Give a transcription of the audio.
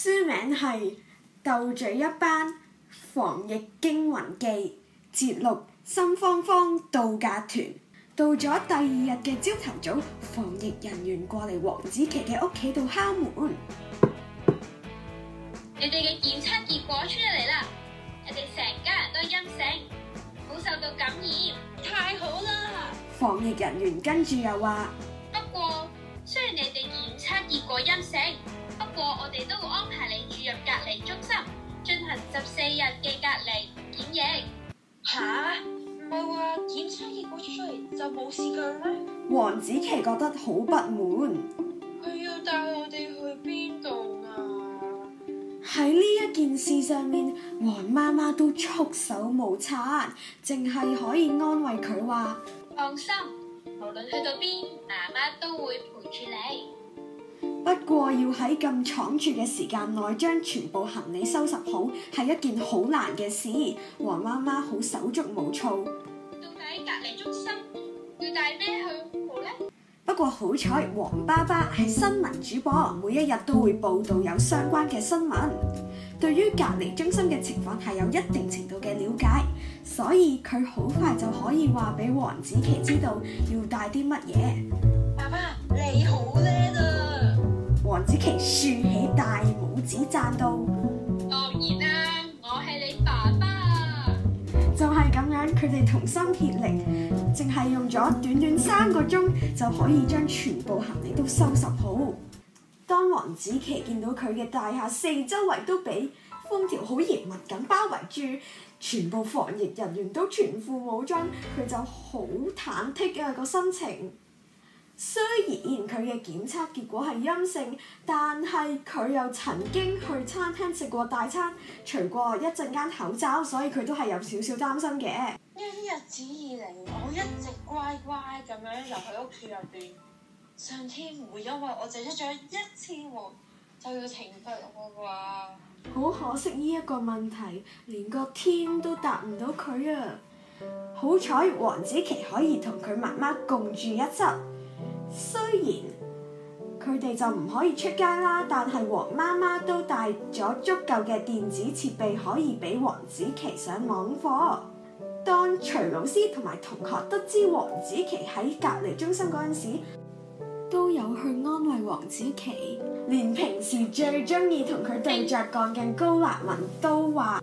書名係《鬥嘴一班防疫驚魂記》，節錄《心慌慌度假團》。到咗第二日嘅朝頭早，防疫人員過嚟黃子琪嘅屋企度敲門。你哋嘅檢測結果出嚟啦，你哋成家人都陰性，冇受到感染，太好啦！防疫人員跟住又話：不過雖然你哋檢測結果陰性，我哋都會安排你住入隔離中心，進行十四日嘅隔離檢疫。吓，唔係話檢疫結果出嚟就冇事㗎啦咩？黃子琪覺得好不滿，佢要帶我哋去邊度啊？喺呢一件事上面，黃媽媽都束手無策，淨係可以安慰佢話：放心，無論去到邊，媽媽都會陪住你。不過要喺咁倉促嘅時間內將全部行李收拾好，係一件好難嘅事。黃媽媽好手足無措。到底隔離中心要帶咩去好呢？不過好彩，黃爸爸係新聞主播，每一日都會報道有相關嘅新聞，對於隔離中心嘅情況係有一定程度嘅了解，所以佢好快就可以話俾黃子琪知道要帶啲乜嘢。爸爸，你好。王子琪豎起大拇指贊道：當然啦，我係你爸爸。就係咁樣，佢哋同心協力，淨係用咗短短三個鐘就可以將全部行李都收拾好。當王子琪見到佢嘅大廈四周圍都俾封條好嚴密咁包圍住，全部防疫人員都全副武裝，佢就好忐忑啊嗰個心情。雖然佢嘅檢測結果係陰性，但係佢又曾經去餐廳食過大餐，除過一陣間口罩，所以佢都係有少少擔心嘅。呢日子以嚟，我一直乖乖咁樣入喺屋企入邊。上天唔會因為我淨出咗一次汗就要懲罰我啩。好可惜呢一個問題，連個天都答唔到佢啊！好彩黃子祺可以同佢媽媽共住一室。雖然佢哋就唔可以出街啦，但係黃媽媽都帶咗足夠嘅電子設備，可以俾黃子琪上網課。當徐老師同埋同學得知黃子琪喺隔離中心嗰陣時，都有去安慰黃子琪，連平時最中意同佢對着幹嘅高立文都話。